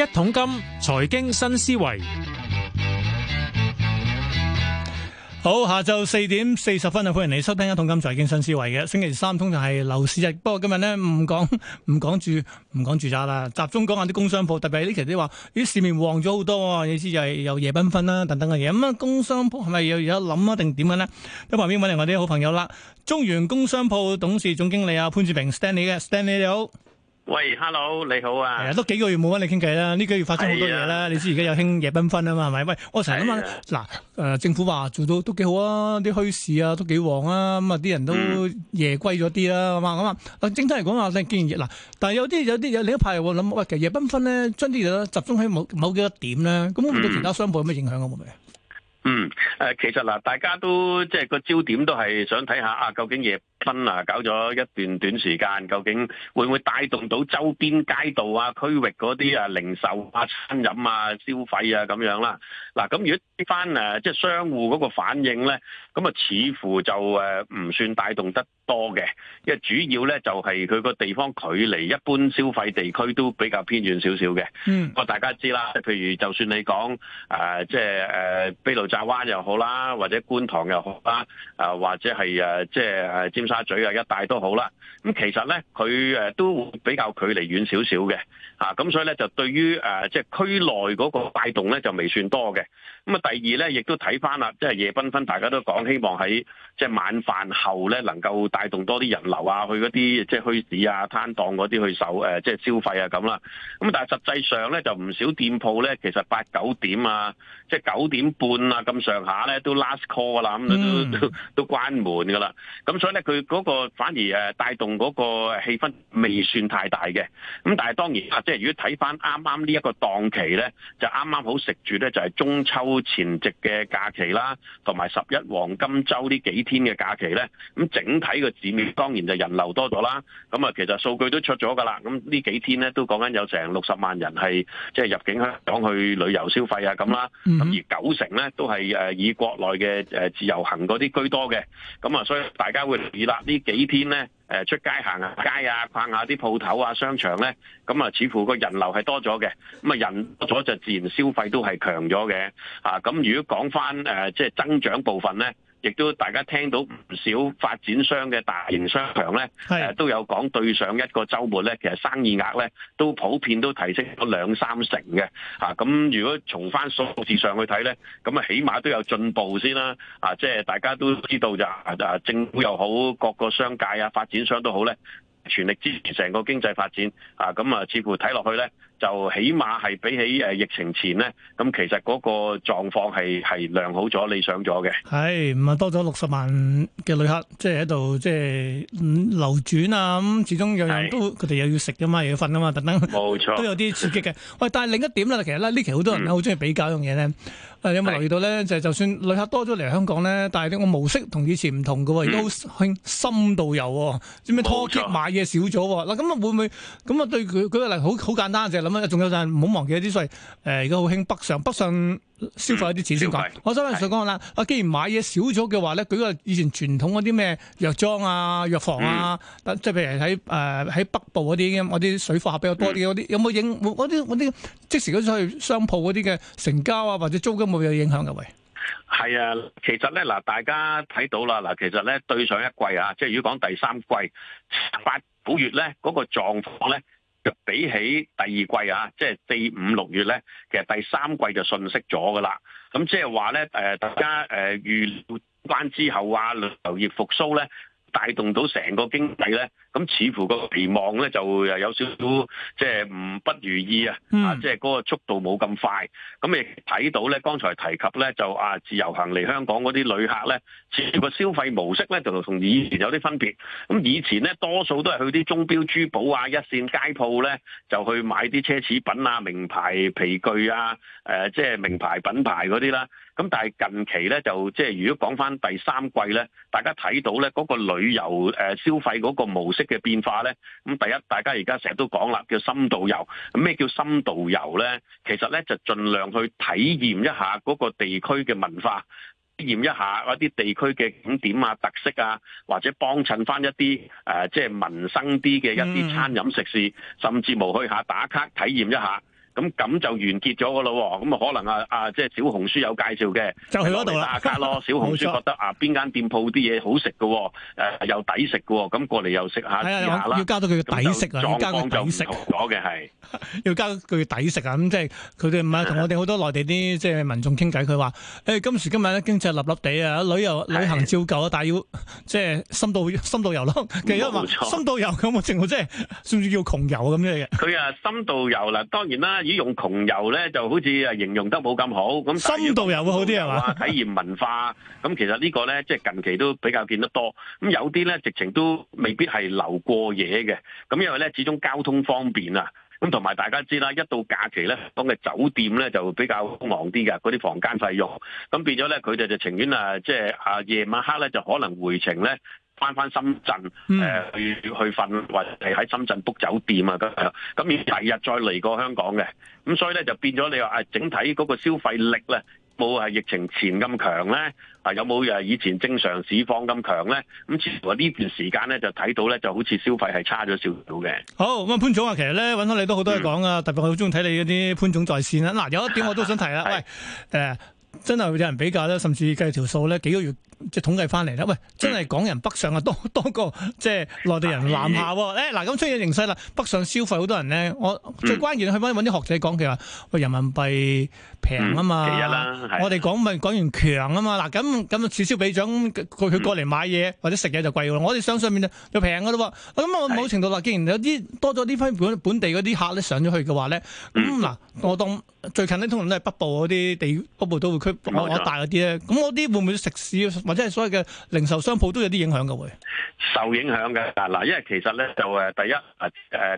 一桶金財經新思維，好，下晝四點四十分啊！歡迎你收聽一桶金財經新思維嘅星期三通常係樓市日，不過今日咧唔講唔講住唔講住宅啦，集中講下啲工商鋪。特別呢期啲話於市面旺咗好多啊，意思就係有夜繽紛啦等等嘅嘢。咁、嗯、啊，工商鋪係咪而家諗啊，定點嘅咧？喺旁邊揾嚟我啲好朋友啦，中原工商鋪董事總經理啊潘志明 Stanley 嘅 Stanley 你好。喂，hello，你好啊！係都幾個月冇揾你傾偈啦。呢幾個月發生好多嘢啦，啊、你知而家有興夜繽紛啊嘛，係咪？喂，我成日諗啊，嗱，誒、呃、政府話做到都幾好啊，啲墟市啊都幾旺啊，咁啊啲人都夜歸咗啲啦，咁啊。咁啊、嗯？啊、嗯，整體嚟講啊，真係經嗱，但係有啲有啲有，呢一排我諗喂，其實夜繽紛咧，將啲嘢集中喺某某幾多點咧，咁會唔會對其他商鋪有咩影響啊？冇咪？嗯，誒、嗯呃，其實嗱，大家都即係、個焦點都係想睇下啊，究竟夜紛啊，搞咗一段短時間，究竟會唔會帶動到周邊街道啊、區域嗰啲啊零售啊、餐飲啊、消費啊咁樣啦？嗱，咁如果睇返誒即係商戶嗰個反應咧，咁啊似乎就誒呃、唔算帶動得多嘅，因為主要咧就係佢個地方距離一般消費地區都比較偏遠少少嘅。嗯，我大家知啦，譬如就算你講誒、呃、即係誒卑路乍灣又好啦，或者觀塘又好啦，誒、呃、或者係誒、呃、即係誒尖。呃沙咀啊，一帶都好啦。咁其實咧，佢誒都會比較距離遠少少嘅，啊，咁所以咧就對於誒即係區內嗰個帶動咧就未算多嘅。咁啊，第二咧，亦都睇翻啦，即係夜繽紛，大家都講希望喺即係晚飯後咧，能夠帶動多啲人流啊，去嗰啲即係墟市啊、攤檔嗰啲去受誒即係消費啊咁啦。咁啊，但係實際上咧，就唔少店鋪咧，其實八九點啊，即係九點半啊咁上下咧，都 last call 啦，咁都、嗯、都都關門噶啦。咁所以咧，佢嗰個反而帶動嗰個氣氛未算太大嘅。咁但係當然啊，即係如果睇翻啱啱呢一個檔期咧，就啱啱好食住咧，就係中秋。前夕嘅假期啦，同埋十一黃金周呢幾天嘅假期呢，咁整體嘅節面當然就人流多咗啦。咁啊，其實數據都出咗噶啦。咁呢幾天呢，都講緊有成六十萬人係即係入境香港去旅遊消費啊咁啦。咁、mm hmm. 而九成呢，都係誒以國內嘅誒自由行嗰啲居多嘅。咁啊，所以大家會留意啦。呢幾天呢。誒、呃、出街行下街啊，逛下啲鋪頭啊、商場咧，咁、嗯、啊、呃，似乎個人流係多咗嘅，咁、嗯、啊人多咗就自然消費都係強咗嘅，啊，咁、呃、如果講翻誒即係增長部分咧。亦都大家聽到唔少發展商嘅大型商場呢，是都有講對上一個週末呢，其實生意額呢都普遍都提升咗兩三成嘅。咁、啊、如果從翻數字上去睇呢，咁啊起碼都有進步先啦、啊。啊，即係大家都知道就啊政府又好，各個商界啊發展商都好呢，全力支持成個經濟發展。啊，咁啊，似乎睇落去呢。就起碼係比起誒疫情前咧，咁其實嗰個狀況係係良好咗、理想咗嘅。係，唔係多咗六十萬嘅旅客，即係喺度即係流轉啊！咁始終人人都佢哋是又要食啊嘛，又要瞓啊嘛，等等。冇錯錯都有啲刺激嘅。喂，但係另一點咧， 其實呢期好多人好中意比較一樣嘢咧。嗯、有冇留意到咧？就係就算旅客多咗嚟香港咧，但係呢個模式同以前唔同㗎喎，亦都好深度遊，做咩、嗯、拖激買嘢少咗？嗱錯，咁啊會唔會咁啊對佢？舉個例，好好簡單咁仲有就係唔好忘記一啲，所以誒而家好興北上，北上消費一啲錢先講。嗯、我想尾想講下啦，我是既然買嘢少咗嘅話咧，舉個以前傳統嗰啲咩藥妝啊、藥房啊，即係、嗯、譬如喺誒喺北部嗰啲嗰啲水貨比較多啲啲，嗯、有冇影？啲啲即時去商鋪嗰啲嘅成交啊，或者租金有冇影響嘅、啊？位係啊，其實咧嗱，大家睇到啦嗱，其實咧對上一季啊，即係如果講第三季八九月咧，嗰、嗰個狀況咧。比起第二季啊，即係四五六月咧，其實第三季就遜息咗噶啦。咁即係話咧，誒，大家誒預料關之後啊，旅遊業復蘇咧，帶動到成個經濟咧，咁似乎個期望咧就又有少少即係唔不如意、嗯、啊！啊，即係嗰個速度冇咁快。咁你睇到咧，剛才提及咧就啊，自由行嚟香港嗰啲旅客咧，似乎個消費模式咧就同以前有啲分別。咁以前咧多數都係去啲鐘錶、珠寶啊、一線街鋪咧，就去買啲奢侈品啊、名牌皮具啊、即、呃、係、即係、名牌品牌嗰啲啦。咁但係近期咧就即係如果講翻第三季咧，大家睇到咧嗰個旅遊誒消費嗰個模式嘅變化咧，咁第一大家而家成日都講啦，叫深度遊。咩叫深度遊咧？其實咧就盡量去體驗一下嗰個地區嘅文化，體驗一下一啲地區嘅景點啊、特色啊，或者幫襯翻一啲誒即係民生啲嘅一啲餐飲食肆，甚至無去下打卡體驗一下。咁咁就完結咗個咯喎，咁啊可能啊啊即係小紅書有介紹嘅，就去嗰度打卡咯。小紅書覺得 錯啊，邊間店鋪啲嘢好食嘅，誒、啊、又抵食嘅，咁過嚟又食下，下、哎、要加到佢嘅抵食啊，加個抵食。咗嘅係要加到佢嘅抵食啊，咁即係佢哋唔係同我哋好多內地啲即係民眾傾偈，佢話誒今時今日咧經濟立立地啊，旅遊旅行照舊啊，的但係要即係深度深度遊咯。其實話錯深度遊咁我淨、就、好、是，即係算唔算叫窮遊咁樣嘅？佢啊深度遊啦，當然啦。用窮遊咧，就好似啊形容得冇咁好。咁深度遊會好啲係嘛？體驗文化，咁其實呢個咧，即係近期都比較見得多。咁有啲咧，直情都未必係留過夜嘅。咁因為咧，始終交通方便啊。咁同埋大家知啦，一到假期咧，咁嘅酒店咧就比較忙啲㗎。嗰啲房間費用，咁變咗咧，佢哋就情願啊，即係啊夜晚黑咧就可能回程咧。翻翻深圳誒、呃、去去瞓，或者喺深圳 book 酒店啊咁樣，咁要第二日再嚟過香港嘅。咁所以咧就變咗你話誒整體嗰個消費力咧冇係疫情前咁強咧，啊有冇誒以前正常市況咁強咧？咁似乎呢段時間咧就睇到咧就好似消費係差咗少少嘅。好咁啊潘總啊，其實咧搵到你都好多嘢講啊，嗯、特別我好中意睇你嗰啲潘總在線啊。嗱有一點我都想提啦，誒、 呃、真係會有人比較咧，甚至計條數咧幾個月。即係統計翻嚟啦，喂，真係港人北上啊多、嗯、多過即係內地人南下喎。嗱咁、哎哎、出現形勢啦，北上消費好多人咧。我、嗯、最關鍵去翻揾啲學者講，佢話：喂，人民幣平啊嘛，嗯、我哋講問講完強啊嘛。嗱，咁咁此消彼長，佢佢過嚟買嘢、嗯、或者食嘢就貴喎。我哋相上面就就平噶啦喎。咁我某程度啦，既然有啲多咗啲番本本地嗰啲客上咗去嘅話咧，嗱、嗯，我當最近呢，通常都係北部嗰啲地北部都會區，我大嗰啲呢，咁我啲會唔會食屎？或者係所謂嘅零售商鋪都有啲影響㗎喎，受影響嘅嗱，因為其實咧就誒第一誒誒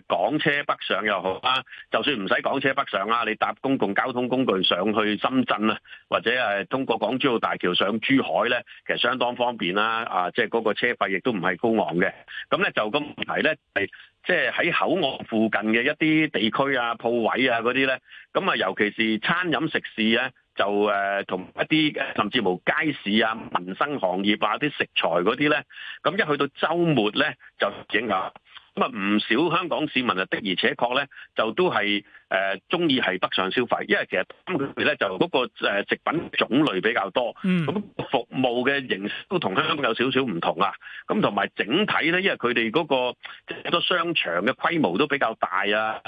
港車北上又好啊，就算唔使港車北上啊，你搭公共交通工具上去深圳啊，或者係通過港珠澳大橋上珠海咧，其實相當方便啦啊！即係嗰個車費亦都唔係高昂嘅。咁咧就個問題咧係即係喺口岸附近嘅一啲地區啊、鋪位啊嗰啲咧，咁啊尤其是餐飲食肆咧、啊。就誒同、呃、一啲甚至乎街市啊、民生行業啊、啲食材嗰啲咧，咁、嗯、一去到週末咧就影下，咁啊唔少香港市民啊的而且確咧就都係誒中意係北上消費，因為其實咁佢哋咧就嗰個食品種類比較多，咁、嗯、服務嘅形式都同香港有少少唔同啊，咁同埋整體咧，因為佢哋嗰個好多商場嘅規模都比較大啊。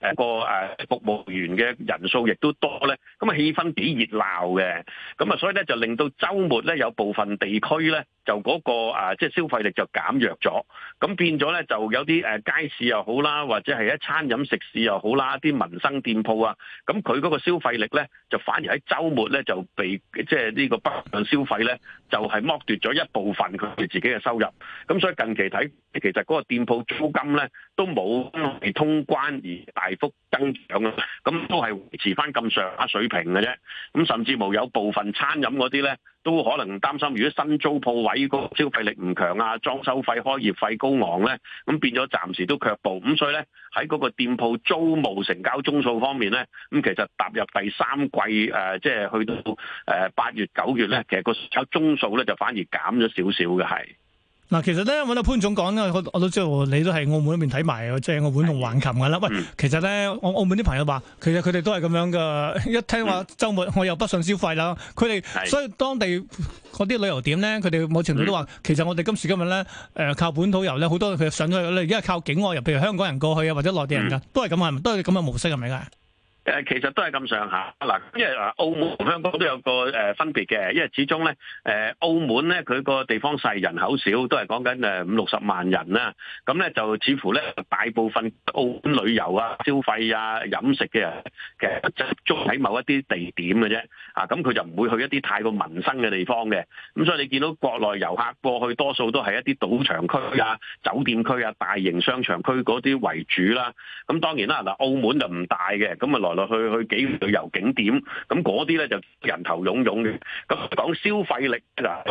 誒個誒服務員嘅人數亦都多咧，咁啊氣氛幾熱鬧嘅，咁啊所以咧就令到周末咧有部分地區咧就嗰個誒即係消費力就減弱咗，咁變咗咧就有啲誒街市又好啦，或者係一餐飲食肆又好啦，啲民生店鋪啊，咁佢嗰個消費力咧就反而喺周末咧就被即係呢個北上消費咧就係剝奪咗一部分佢哋自己嘅收入，咁所以近期睇。其實嗰個店鋪租金咧都冇通關而大幅增長啊，咁都係維持翻咁上下水平嘅啫。咁甚至乎有部分餐飲嗰啲咧，都可能擔心，如果新租鋪位個消費力唔強啊，裝修費、開業費高昂咧，咁變咗暫時都卻步。咁所以咧喺嗰個店鋪租務成交宗數方面咧，咁其實踏入第三季、呃、即係去到八月九月咧，其實個成交宗數咧就反而減咗少少嘅係。嗱，其實咧揾到潘總講咧，我都知道你都係澳門嗰邊睇埋，即係澳門同橫琴噶啦。喂， 其實咧，我澳門啲朋友話，其實佢哋都係咁樣㗎。一聽話周末我又不信消費啦，佢哋所以當地嗰啲旅遊點咧，佢哋某程度都話， 其實我哋今時今日咧、呃，靠本土遊咧，好多佢上咗去而家靠境外遊，又譬如香港人過去啊，或者內地人噶，都係咁啊，都係咁嘅模式係咪啊？其實都係咁上下啦，因為嗱澳門同香港都有個分別嘅，因為始終咧澳門咧佢個地方細，人口少，都係講緊五六十萬人啦。咁咧就似乎咧大部分澳門旅遊啊、消費啊、飲食嘅人，其實集中喺某一啲地點嘅啫。啊，咁佢就唔會去一啲太過民生嘅地方嘅。咁所以你見到國內遊客過去多數都係一啲賭場區啊、酒店區啊、大型商場區嗰啲為主啦。咁當然啦，嗱澳門就唔大嘅，咁啊來去去去幾旅遊景點，咁嗰啲咧就人頭湧湧嘅。咁講消費力嗱，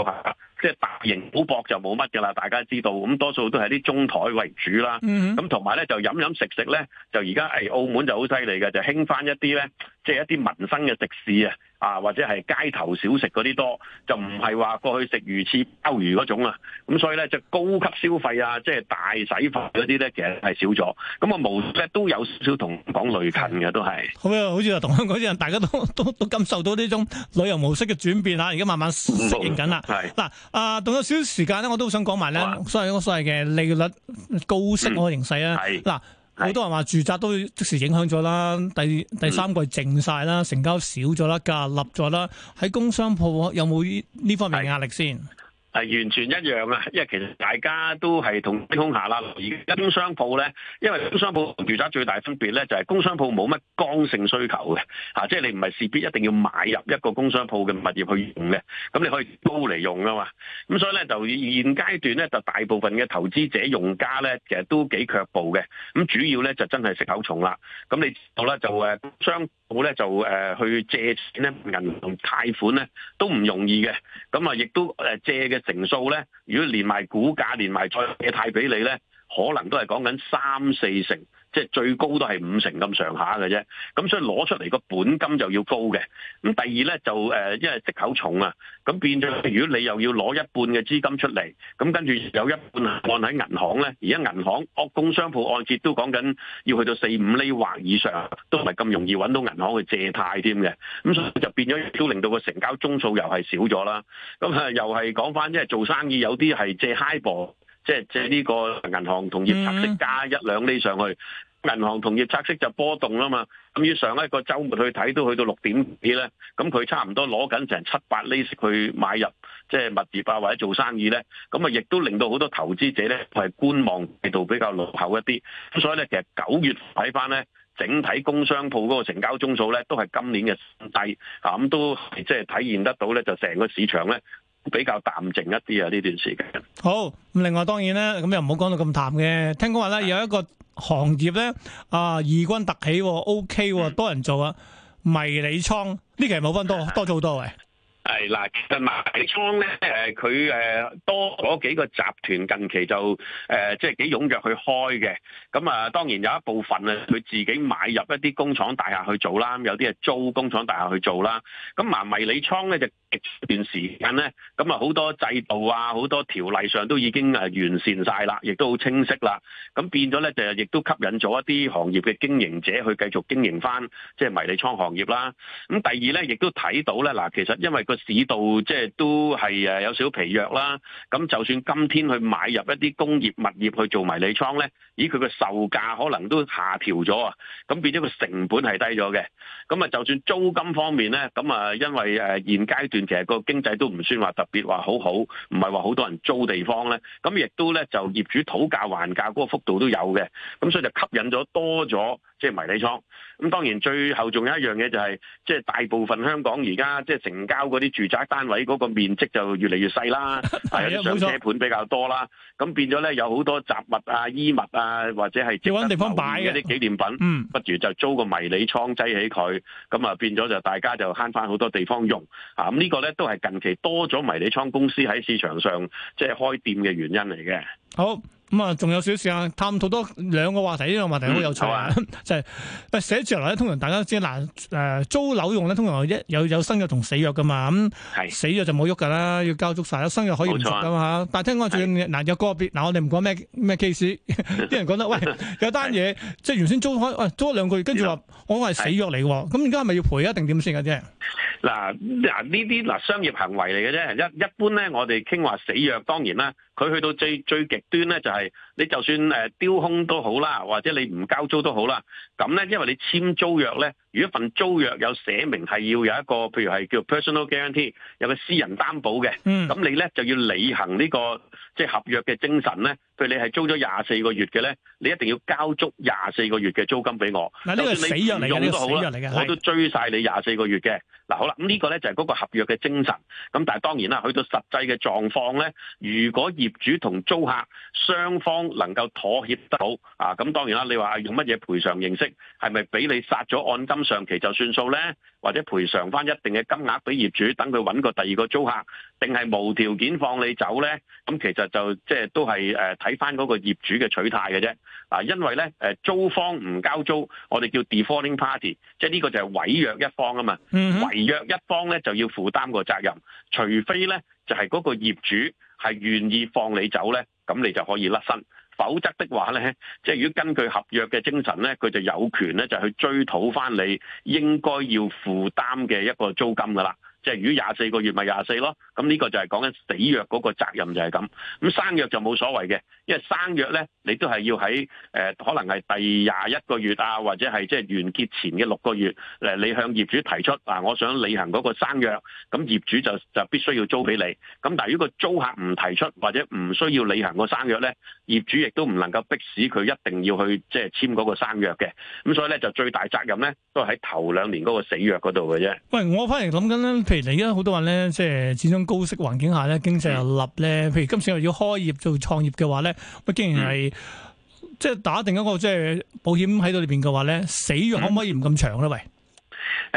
即係大型賭博就冇乜嘅啦。大家知道，咁多數都係啲中台為主啦。咁同埋咧就飲飲食食咧，就而家誒澳門就好犀利嘅，就興翻一啲咧，即係一啲民生嘅食肆啊。啊，或者係街頭小食嗰啲多，就唔係話過去食魚翅鮑魚嗰種啊，咁所以咧就高級消費啊，即係大洗費嗰啲咧，其實係少咗。咁啊模式都有少少同講類近嘅，都係。好啊，好似話同香港啲人大家都都都感受到呢種旅遊模式嘅轉變慢慢、嗯嗯、啊，而家慢慢適應緊啦。係嗱，啊，仲有少少時間咧，我都想講埋咧，所謂嗰個所謂嘅利率高息嗰個形勢咧。嗱、嗯。好多人話住宅都即時影響咗啦，第第三季靜晒啦，成交少咗啦，價立咗啦，喺工商鋪有冇呢方面嘅壓力先？係完全一樣啊！因為其實大家都係同天空下啦，而工商鋪咧，因為工商鋪同住宅最大分別咧，就係工商鋪冇乜剛性需求嘅，即係你唔係事必一定要買入一個工商鋪嘅物業去用嘅，咁你可以租嚟用啊嘛，咁所以咧就現階段咧，就大部分嘅投資者用家咧，其實都幾卻步嘅，咁主要咧就真係食口重啦，咁你知道啦，就誒商。好咧就誒去借錢咧，銀行貸款咧都唔容易嘅，咁啊亦都誒借嘅成數咧，如果連埋估價，連埋再借貸俾你咧，可能都係講緊三四成。即係最高都係五成咁上下嘅啫，咁所以攞出嚟個本金就要高嘅。咁第二呢，就誒、呃，因為息口重啊，咁變咗如果你又要攞一半嘅資金出嚟，咁跟住有一半按喺銀行呢，而家銀行惡工商鋪按揭都講緊要去到四五厘或以上，都唔係咁容易揾到銀行去借貸添嘅。咁所以就變咗，都令到個成交宗數又係少咗啦。咁啊，又係講返，即係做生意有啲係借 HIBOR 即係即係呢個銀行同業拆息加一兩厘上去，銀、嗯、行同業拆息就波動啦嘛。咁於上一個週末去睇都去到六點幾咧，咁佢差唔多攞緊成七八厘去買入，即係物業啊或者做生意咧，咁啊亦都令到好多投資者咧係觀望態度比較落後一啲。咁所以咧，其實九月睇返咧，整體工商鋪嗰個成交宗數咧都係今年嘅新低啊，咁都即係體現得到咧，就成個市場咧。比較淡靜一啲啊！呢段時間好咁，另外當然咧，咁又唔好講到咁淡嘅。聽講話咧，有一個行業咧啊，異軍突起，OK，嗯，多人做啊，迷你倉呢期冇分多，多，多咗好多嘅。係嗱，其實迷你倉咧，誒佢誒多嗰幾個集團近期就誒、呃、即係幾踴躍去開嘅。咁啊，當然有一部分啊，佢自己買入一啲工廠大廈去做啦。咁有啲係租工廠大廈去做啦。咁埋迷你倉咧就。一段時間咧，咁啊好多制度啊，好多條例上都已經誒完善晒啦，亦都好清晰啦。咁變咗咧，就係亦都吸引咗一啲行業嘅經營者去繼續經營翻即係迷你倉行業啦。咁第二咧，亦都睇到咧嗱，其實因為個市道即係都係誒有少少疲弱啦。咁就算今天去買入一啲工業物業去做迷你倉咧，咦佢個售價可能都下調咗啊！咁變咗個成本係低咗嘅。咁啊，就算租金方面咧，咁啊因為誒現階段，其實個經濟都唔算話特別話好好，唔係話好多人租地方咧，咁亦都咧，就業主討價還價嗰個幅度都有嘅，咁所以就吸引咗多咗。即係迷你倉，咁當然最後仲有一樣嘢就係，即係大部分香港而家即係成交嗰啲住宅單位嗰個面積就越嚟越細啦，係啊 的，上車盤比較多啦，咁錯變咗咧有好多雜物啊、衣物啊或者係值得留念嘅啲紀念品，嗯，不如就租個迷你倉擠起佢，咁啊變咗就大家就慳翻好多地方用，啊，咁呢個咧都係近期多咗迷你倉公司喺市場上即係開店嘅原因嚟嘅。好。咁啊，仲、嗯、有少少時間。探討多兩個話題，呢、這個話題好有趣啊！嗯、就係喂，寫住落嚟咧，通常大家都知嗱，誒、呃，租樓用咧，通常一有有，有生約同死約噶嘛，咁、嗯、是死約就冇喐噶啦，要交足晒，有生約可以續噶嘛。但係聽講最近嗱有個別，嗱我哋唔講咩咩 case，啲人覺得喂，有單嘢是即係原先租開，喂租兩個月，跟住話我係死約嚟喎。」咁而家係咪要賠一定點先嘅啫？嗱，嗱呢啲嗱商業行為嚟嘅啫，一一般咧，我哋傾話死約，當然啦。佢去到最最極端咧，就係、是、你就算誒丟空都好啦，或者你唔交租都好啦。咁咧，因為你簽租約咧，如果份租約有寫明係要有一個，譬如係叫 Personal Guarantee，有個私人擔保嘅，咁、嗯、你咧就要履行呢、這個即係、就是、合約嘅精神咧。譬如你係租咗廿四個月嘅咧，你一定要交足廿四個月嘅租金俾我。嗱呢個係死約嚟嘅，我都追晒你廿四個月嘅。嗱好啦，咁呢個咧就係嗰個合約嘅精神。咁但係當然啦，去到實際嘅狀況咧，如果業主同租客雙方能夠妥協得到啊！咁當然啦，你話用乜嘢賠償形式，係咪俾你殺咗按金上期就算數呢？或者賠償翻一定嘅金額俾業主，等佢搵個第二個租客，定係無條件放你走呢？咁、啊、其實就即係、就是、都係誒睇翻嗰個業主嘅取態嘅啫。因為呢，誒，租方唔交租，我哋叫 defaulting party，即係呢個就係違約一方啊嘛。違、嗯、哼約一方呢，就要負擔個責任，除非呢就係、是、嗰個業主。係願意放你走呢，咁你就可以甩身；否則的話呢，即係如果根據合約嘅精神呢，佢就有權呢，就去追討返你應該要負擔嘅一個租金㗎喇。即係如果廿四個月咪廿四咯，咁呢個就係講緊死約嗰個責任就係咁，咁生約就冇所謂嘅，因為生約咧你都係要喺誒、呃、可能係第廿一個月啊，或者係即係完結前嘅六個月誒，你向業主提出啊，我想履行嗰個生約，咁業主就就必須要租俾你。咁但係如果租客唔提出或者唔需要履行個生約咧，業主亦都唔能夠迫使佢一定要去即係簽嗰個生約嘅。咁所以咧就最大責任咧都係喺頭兩年嗰個死約嗰度嘅啫。喂，我反而諗緊咧。嚟，而家好多人咧，即係始終高息環境下咧，經濟又立咧。譬如今次又要開業做創業嘅話咧，我竟然係即係打定一個即係保險喺度裏邊嘅話咧，死約可唔可以唔咁長咧？喂！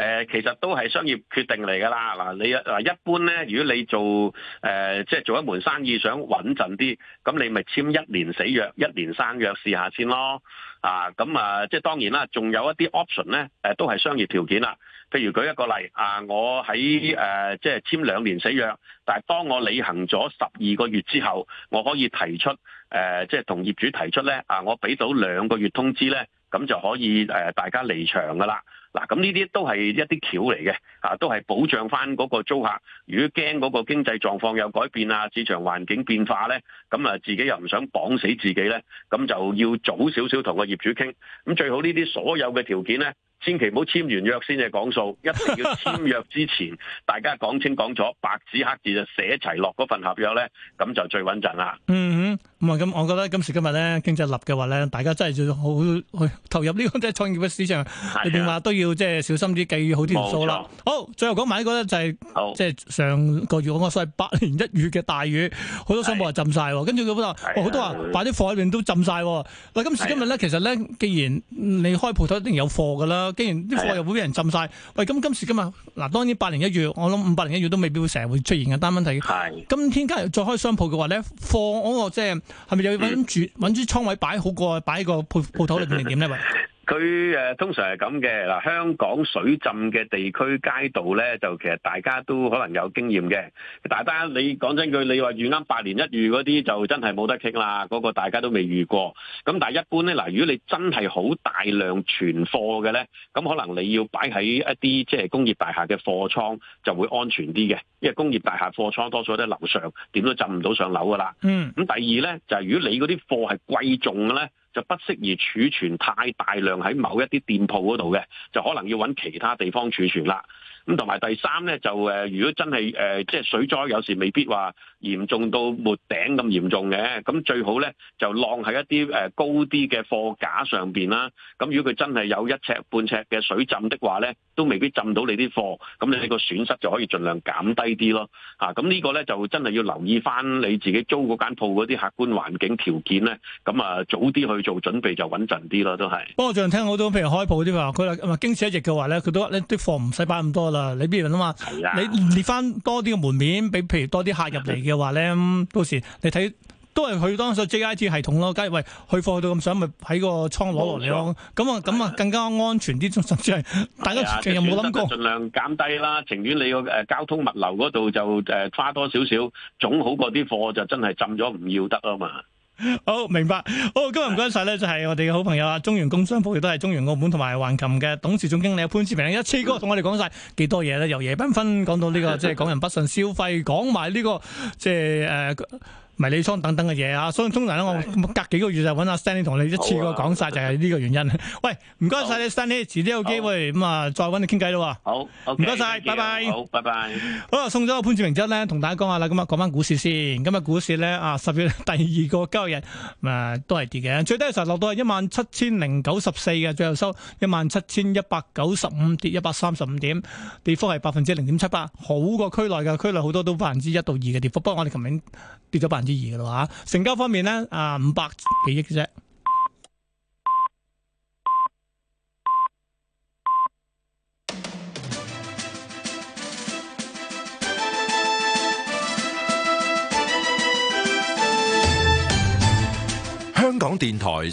誒、呃、其實都係商業決定嚟㗎啦，嗱你一般咧，如果你做誒、呃、即係做一門生意想穩陣啲，咁你咪簽一年死約、一年生約試下先咯，啊咁啊即係當然啦，仲有一啲 option 咧，都係商業條件啦。譬如舉一個例啊，我喺誒、呃、即係簽兩年死約，但係當我履行咗十二個月之後，我可以提出誒、呃、即係同業主提出咧，啊我俾到兩個月通知咧，咁就可以、呃、大家離場㗎啦。嗱，咁呢啲都係一啲橋嚟嘅，都係保障翻嗰個租客。如果驚嗰個經濟狀況有改變啊，市場環境變化咧，咁啊自己又唔想綁死自己咧，咁就要早少少同個業主傾。咁最好呢啲所有嘅條件咧，千祈唔好簽完約先至講數，一定要簽約之前 大家講清講楚，白紙黑字就寫齊落嗰份合約咧，咁就最穩陣啦。嗯。 咁啊，咁、嗯、我覺得今時今日咧，經濟立嘅話咧，大家真係要好去投入呢個即係創業嘅市場裡面，你點話都要即係小心啲計好啲條數啦。錯好，最後講埋呢個咧就係、是、好即係上個月我話所謂百年一遇嘅大雨，好多商鋪啊浸曬，跟住佢話好多話擺啲貨喺邊都浸晒。喂，今時今日咧，其實咧，既然你開鋪頭一定有貨噶啦，既然啲貨又會俾人浸晒。喂，咁今時今日嗱當然百年一遇，我諗五百年一遇都未必會成日會出現嘅，但係問題，今天假日再開商鋪嘅話咧，貨嗰個即係。係咪又要揾住搵支倉位擺好過擺喺個鋪鋪頭裏面定點咧？ 佢誒通常係咁嘅嗱，香港水浸嘅地區街道呢，就其實大家都可能有經驗嘅。大家你講真句，你話遇啱百年一遇嗰啲就真係冇得傾啦，嗰個大家都未遇過。咁但係一般呢，嗱，如果你真係好大量存貨嘅呢，咁可能你要擺喺一啲即係工業大廈嘅貨倉就會安全啲嘅，因為工業大廈貨倉多數喺啲樓上，點都浸唔到上樓噶啦。嗯。咁第二呢，就係如果你嗰啲貨係貴重嘅呢。就不適宜儲存太大量喺某一啲店鋪嗰度嘅，就可能要揾其他地方儲存啦。咁同埋第三咧就誒，如果真係誒，即係水災，有時未必話嚴重到沒頂咁嚴重嘅。咁最好咧就晾喺一啲誒高啲嘅貨架上面啦。咁如果佢真係有一尺半尺嘅水浸的話咧，都未必浸到你啲貨。咁你個損失就可以盡量減低啲咯。嚇，咁呢個咧就真係要留意翻你自己租嗰間鋪嗰啲客觀環境條件咧。咁啊，早啲去做準備就穩陣啲囉。都係。不過最近聽好多譬如開鋪啲話佢話，經此一役嘅話咧，佢都話你啲貨唔使擺咁多。啦，你比如啦嘛，你列翻多啲嘅門面，俾譬如多啲客入嚟嘅話咧，到時你睇都係去當作 JIT 系統咯。梗係喂去貨去到咁想，咪喺個倉攞落嚟咯。咁啊，咁啊，更加安全啲，甚至係的大家有冇諗過，盡量減低啦。情願你個誒交通物流嗰度就誒花多少少，總好過啲貨就真係浸咗唔要得啊嘛。好明白，好，今日唔該晒咧，就係我哋嘅好朋友啊，中原工商舖亦都係中原澳門同埋橫琴嘅董事總經理潘志明一次過同我哋講晒幾多嘢咧，由夜繽紛講到呢個即係講人不信消費，講埋呢個即係誒。就是呃迷你倉等等嘅嘢啊，所以通常咧，我隔幾個月就揾阿 Stanley 同你一次過講晒，就係呢個原因。喂，唔該晒你，Stanley，遲啲有機會咁啊，再揾你傾偈咯。好，唔該晒，拜拜。好，拜拜。好啊，送咗潘志明之後咧，同大家講下啦。咁啊，講翻股市先。今日股市咧啊，十月第二個交易日啊，都係跌嘅。最低嘅時候落到係一萬七千零九十四嘅，最後收一萬七千一百九十五，跌一百三十五點，跌幅係百分之零點七八，好過區內嘅區內好多都百分之一到二嘅跌幅。不過我哋琴日跌咗百分嘅話，成交方面呢，啊五百幾億啫。香港電台。